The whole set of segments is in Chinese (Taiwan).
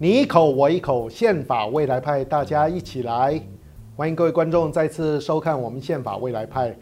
你一口我一口，憲法未來派，大家一起來！歡迎各位觀眾再次收看我們憲法未來派。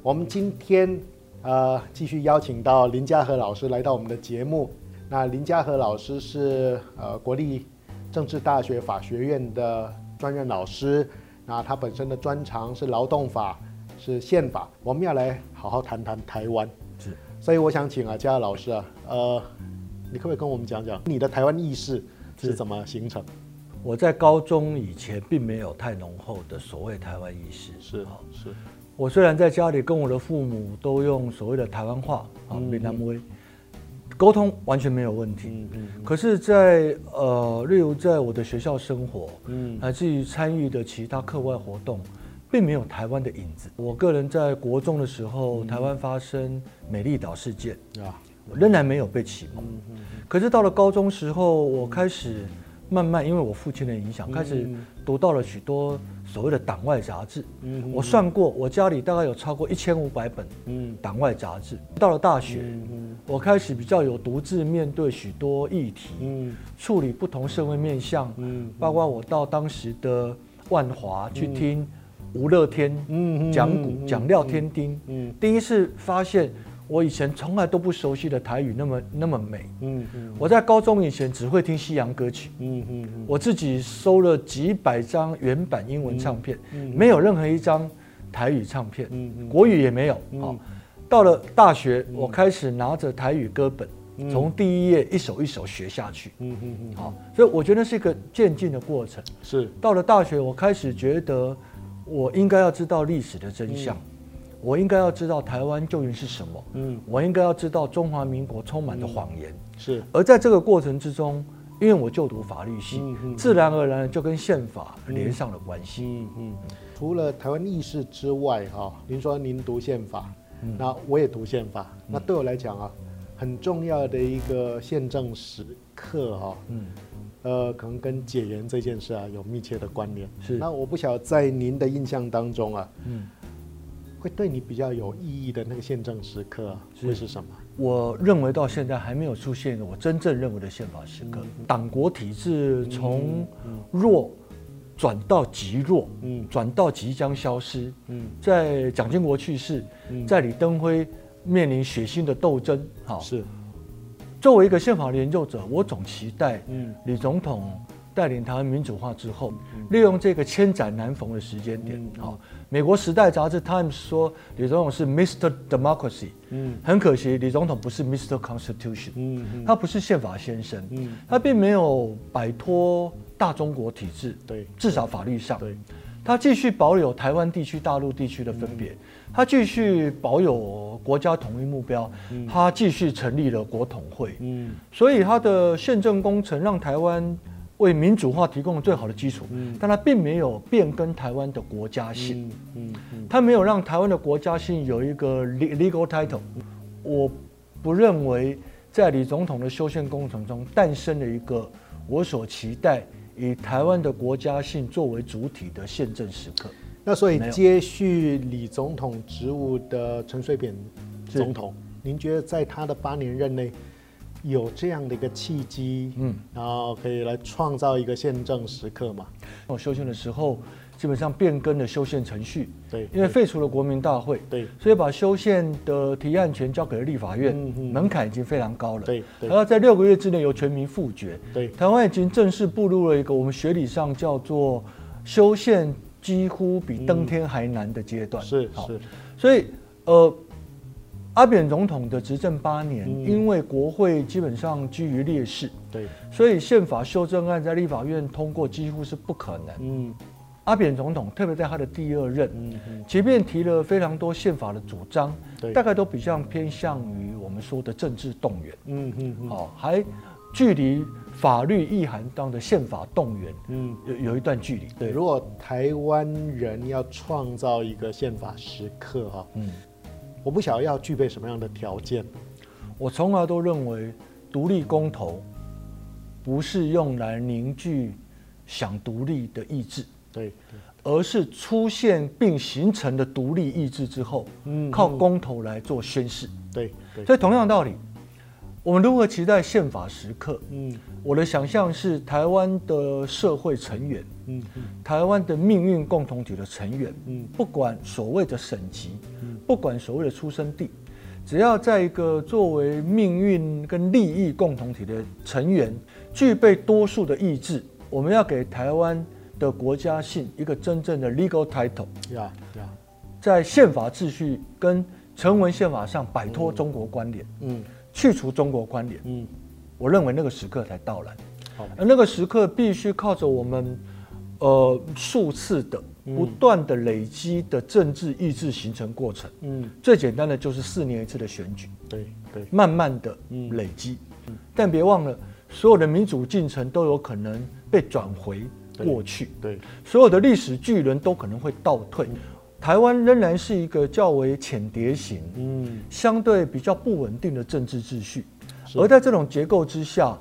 我們今天呃繼續邀請到林佳和老師來到我們的節目。那林佳和老師是呃國立政治大學法學院的專任老師，那他本身的專長是勞動法，是憲法。我們要來好好談談台灣，是所以我想請啊佳和老師啊，呃，你可不可以跟我們講講你的台灣意識？是，是怎麼形成？我在高中以前並沒有太濃厚的所謂台灣意識，是啊，是。我雖然在家裡跟我的父母都用所謂的台灣話、嗯、啊閩南語溝通完全沒有問題，嗯嗯嗯、可是在，在呃例如在我的學校生活，嗯，來自於參與的其他課外活動，並沒有台灣的影子。我個人在國中的時候，嗯、台灣發生美麗島事件，啊、yeah. 我仍然沒有被啟蒙，可是到了高中時候，我開始慢慢因為我父親的影響，開始讀到了許多所謂的黨外雜誌。我算過，我家裡大概有超過一千五百本黨外雜誌。到了大學，我開始比較有獨自面對許多議題，處理不同社會面向，包括我到當時的萬華去聽吳樂天講古，講廖天丁，第一次發現。我以前從來都不熟悉的台語那麼那麼美，嗯嗯，我在高中以前只會聽西洋歌曲，嗯嗯，我自己收了幾百張原版英文唱片，沒有任何一張台語唱片，國語也沒有，到了大學，我開始拿着台語歌本，從第一頁一首一首學下去，嗯嗯嗯，好，所以我覺得是一個漸進的過程，是，到了大學，我開始覺得我應該要知道歷史的真相。我應該要知道台灣救援是什麼？嗯，我應該要知道中華民國充滿的謊言、嗯、是。而在這個過程之中，因為我就讀法律系，嗯嗯、自然而然就跟憲法連上了關係。嗯，嗯，嗯，除了臺灣歷史之外，哈，您說您讀憲法，嗯、那我也讀憲法。嗯、那對我來講啊，很重要的一個憲政時刻。哈，嗯，呃，可能跟解嚴這件事啊有密切的關聯。是。那我不曉得在您的印象當中啊，嗯。嗯會對你比較有意義的那個憲政時刻是會是什麼？我認為到現在還沒有出現我真正認為的憲法時刻。嗯嗯、黨國體制從弱轉到極弱，嗯，轉到即將消失。嗯，在蔣經國去世，嗯、在李登輝面臨血腥的鬥爭，哈，是。作為一個憲法的研究者，我總期待，嗯，李總統。帶領台灣民主化之後，利用這個千載難逢的時間點，好，美國《時代》雜誌《Times》說李總統是 Mr. Democracy，嗯，很可惜李總統不是 Mr. Constitution，嗯，他不是憲法先生，嗯，他並沒有擺脫大中國體制，對，至少法律上，對，他繼續保有台灣地區、大陸地區的分別，他繼續保有國家統一目標，他繼續成立了國統會，嗯，所以他的憲政工程讓台灣。為民主化提供了最好的基礎，但它並沒有變更台灣的國家性，嗯嗯嗯、它沒有讓台灣的國家性有一個 legal title。我不認為在李總統的修憲工程中誕生了一個我所期待以台灣的國家性作為主體的憲政時刻。那所以接續李總統職務的陳水扁總統，您覺得在他的八年任內，有這樣的一個契機，嗯，然後可以來創造一個憲政時刻嘛。我修憲的時候，基本上變更了修憲程序，對，對，因為廢除了國民大會，對，所以把修憲的提案權交給了立法院，嗯嗯、門檻已經非常高了，對，還要在六個月之內由全民複決，對，對，台灣已經正式步入了一個我們學理上叫做修憲幾乎比登天還難的階段，嗯、是是，所以呃。阿扁總統的執政八年，嗯、因為國會基本上居於劣勢，對，所以憲法修正案在立法院通過幾乎是不可能。嗯，阿扁總統特別在他的第二任，嗯嗯、即便提了非常多憲法的主張，嗯、大概都比較偏向於我們說的政治動員。嗯嗯，嗯嗯哦，還距離法律意涵當的憲法動員，嗯，有有一段距離。對，如果台灣人要創造一個憲法時刻，哦，哈，嗯。我不曉得要具備什麼樣的條件，我從來都認為獨立公投不是用來凝聚想獨立的意志，對，對而是出現並形成的獨立意志之後，嗯嗯、靠公投來做宣示。對，所以同樣道理，我們如何期待憲法時刻？嗯，我的想象是台灣的社會成員，嗯，嗯台灣的命運共同體的成員，嗯，不管所謂的省籍。嗯不管所謂的出生地，只要在一個作為命運跟利益共同體的成員，具備多數的意志，我們要給台灣的國家性一個真正的 legal title。Yeah, yeah. 在憲法秩序跟成文憲法上擺脫中國關聯，嗯嗯、去除中國關聯。嗯、我認為那個時刻才到來。好，而那個時刻必須靠着我們。呃，數次的不斷的累積的政治意志形成過程，嗯，嗯最簡單的就是四年一次的選舉，對，對，慢慢的累積，嗯嗯、但別忘了，所有的民主進程都有可能被轉回過去，對，對所有的歷史巨輪都可能會倒退，嗯、台灣仍然是一個較為淺碟型，嗯，相對比較不穩定的政治秩序，是而在這種結構之下。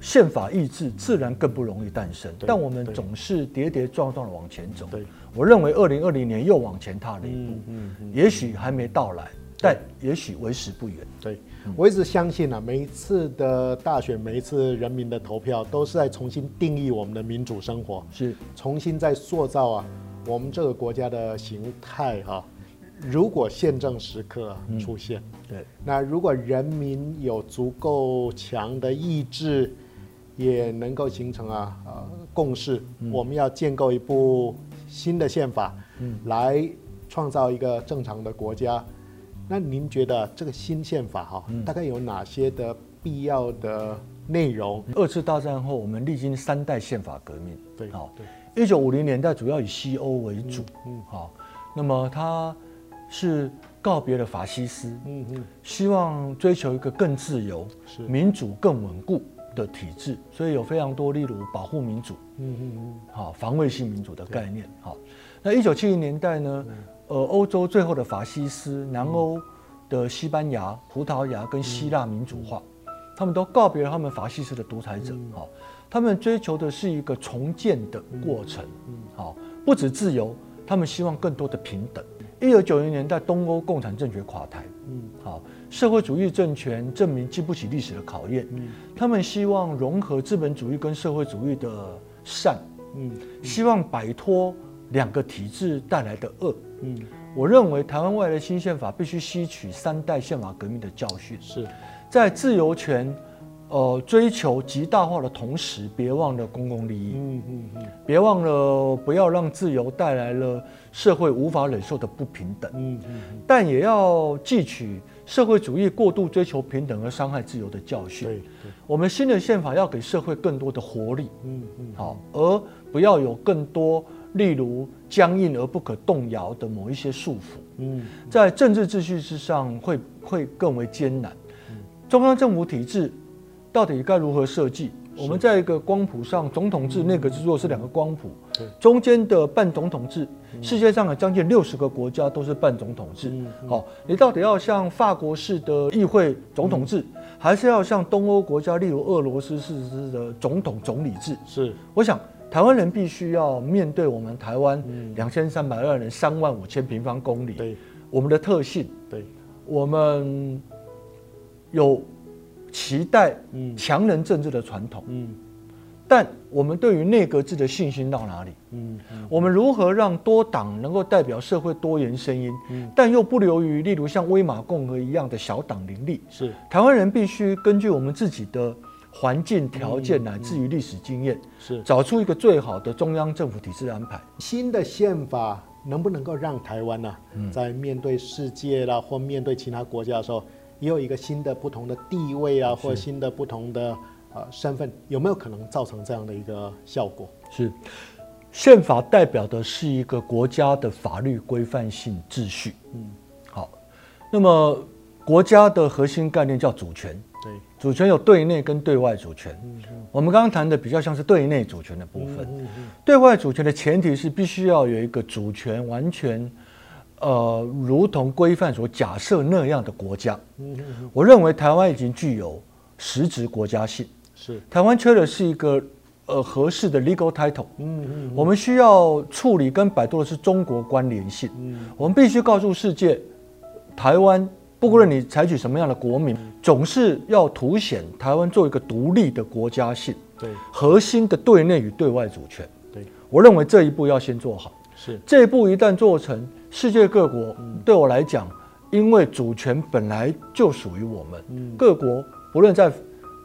憲法意志自然更不容易誕生，對但我們總是跌跌撞撞的往前走。對，我認為二零二零年又往前踏了一步，嗯，嗯嗯也許還沒到來，對但也許為時不遠。對，我一直相信啊，每一次的大選，每一次人民的投票，都是在重新定義我們的民主生活，是重新在塑造啊我們這個國家的形態。哈，如果憲政時刻、啊、出現，嗯、對，那如果人民有足夠強的意志，也能夠形成啊，呃，共識。我們要建構一部新的憲法，來創造一個正常的國家。那您覺得這個新憲法哈、啊，大概有哪些的必要的內容？二次大戰後，我們歷經三代憲法革命。對，好。一九五零年代主要以西歐為主。嗯，嗯好。那麼它是告別了法西斯，嗯嗯，嗯希望追求一個更自由、是民主更穩固。的體制，所以有非常多，例如保護民主，嗯嗯嗯，好、嗯哦，防衛性民主的概念，好對、哦，那一九七零年代呢，對呃，歐洲最後的法西斯，南歐的西班牙、葡萄牙跟希臘民主化，嗯、他們都告別了他們法西斯的獨裁者、嗯哦，他們追求的是一個重建的過程，好、嗯嗯哦，不只自由，他們希望更多的平等。一九九零年代東歐共產政權垮臺，嗯，好、哦。社會主義政權證明經不起歷史的考驗，嗯，他們希望融合資本主義跟社會主義的善，嗯，嗯，希望擺脫兩個體制帶來的惡，嗯，我認為台灣未來的新憲法必須吸取三代憲法革命的教訓，是，在自由權，呃，追求極大化的同時，別忘了公共利益，嗯嗯嗯，嗯嗯嗯，別忘了不要讓自由帶來了社會無法忍受的不平等，嗯嗯，嗯嗯，但也要汲取社會主義過度追求平等而傷害自由的教訓對。對，對我們新的憲法要給社會更多的活力。嗯嗯，嗯好，而不要有更多，例如僵硬而不可動搖的某一些束縛、嗯。嗯，在政治秩序之上會會更為艱難。嗯、中央政府體制到底該如何設計？是我們在一個光譜上，總統制、內閣制作是兩個光譜。嗯嗯嗯嗯對中間的半總統制，嗯、世界上有將近六十個國家都是半總統制。好、嗯嗯哦，你到底要像法國式的議會總統制，嗯、還是要像東歐國家，例如俄羅斯式的總統總理制？是，我想台灣人必須要面對我們台灣、嗯、兩千三百萬人、三萬五千平方公里，對，我們的特性，對，我們有期待、嗯、強人政治的傳統，嗯。嗯但我們對於內閣制的信心到哪裡？嗯，嗯，我們如何讓多黨能夠代表社會多元聲音，嗯、但又不流於例如像威瑪共和一樣的小黨林立？是，台灣人必須根據我們自己的環境條件乃至於歷史經驗、嗯嗯嗯，是找出一個最好的中央政府體制安排。新的憲法能不能夠讓台灣呢、啊，嗯、在面對世界啦、啊、或面對其他國家的時候，也有一個新的不同的地位啊，是或新的不同的。啊、呃，身份有沒有可能造成這樣的一個效果？是，憲法代表的是一個國家的法律規範性秩序。嗯，好。那麼國家的核心概念叫主權。對，主權有對內跟對外主權。嗯、哼，我們剛剛談的比較像是對內主權的部分。嗯、哼哼，對外主權的前提是必須要有一個主權完全，呃，如同規範所假設那樣的國家。嗯、哼哼，我認為台灣已經具有實質國家性。是台灣缺的是一個呃合適的 legal title，嗯嗯，嗯嗯，我們需要處理跟擺脫的是中國關聯性，嗯，我們必須告訴世界，台灣，不論你採取什麼樣的國民，嗯、總是要凸顯台灣作為一個獨立的國家性，對，核心的對內與對外主權，對，我認為這一步要先做好，是這一步一旦做成，世界各國、嗯、對我來講，因為主權本來就屬於我們，嗯、各國不論在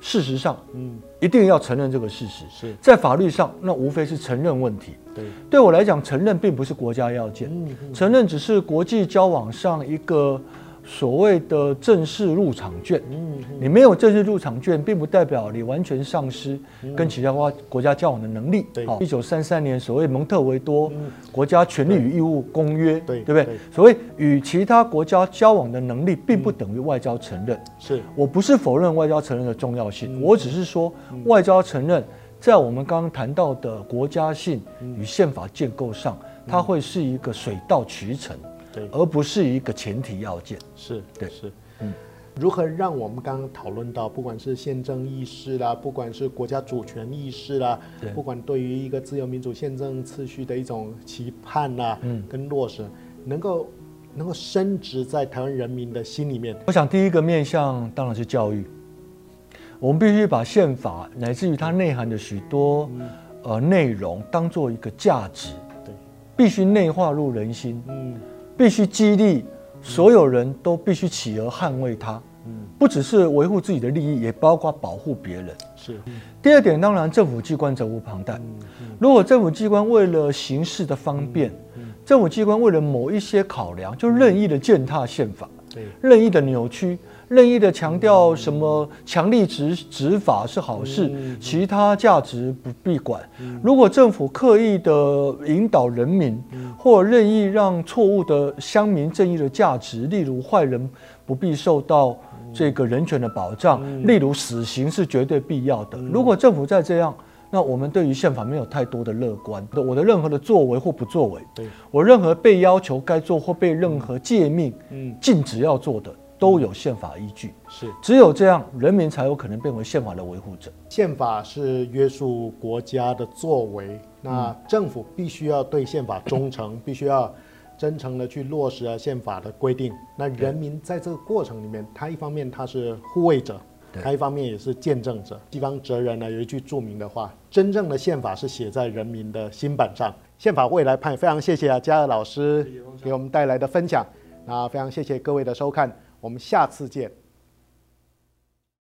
事實上，嗯，一定要承認這個事實。是。在法律上，那無非是承認問題。對，對我來講，承認並不是國家要件，嗯，嗯，承認只是國際交往上一個。所謂的正式入場券，嗯，你沒有正式入場券，並不代表你完全喪失跟其他國家交往的能力。對，好，一九三三年所謂蒙特維多國家權利與義務公約，對，對不對？所謂與其他國家交往的能力，並不等於外交承認。是，我不是否認外交承認的重要性，我只是說，外交承認在我們剛剛談到的國家性與憲法建構上，它會是一個水到渠成。對而不是一個前提要件，是對是，對是嗯，如何讓我們剛剛討論到，不管是憲政意識啦、啊，不管是國家主權意識啦、啊，對，不管對於一個自由民主憲政秩序的一種期盼啊嗯，跟落實，能夠能夠深植在台灣人民的心裡面，我想第一個面向當然是教育，我們必須把憲法乃至於它內涵的許多、嗯、呃內容當做一個價值，對，必須內化入人心，嗯。必須激勵所有人都必須起而捍衛它，不只是維護自己的利益，也包括保護別人。是。第二點，當然，政府機關責無旁貸。嗯嗯、如果政府機關為了行事的方便，嗯嗯、政府機關為了某一些考量，就任意的踐踏憲法，嗯、任意的扭曲。任意的強調什麼強力執執法是好事，其他價值不必管。如果政府刻意的引導人民，或任意讓錯誤的鄉民正義的價值，例如壞人不必受到這個人權的保障，例如死刑是絕對必要的。如果政府再這樣，那我們對於憲法沒有太多的樂觀。我的任何的作為或不作為，我任何被要求該做或被任何誡命禁止要做的都有憲法依據，是只有這樣，人民才有可能變為憲法的維護者。憲法是約束國家的作為，那政府必須要對憲法忠誠，嗯、必須要真誠的去落實憲法的規定。那人民在這個過程裡面，對他一方面他是護衛者，對他一方面也是見證者。西方哲人呢有一句著名的話：“真正的憲法是寫在人民的心版上。”憲法未來派非常謝謝啊，佳和老師給我們帶來的分享，那、啊、非常謝謝各位的收看。我們下次見。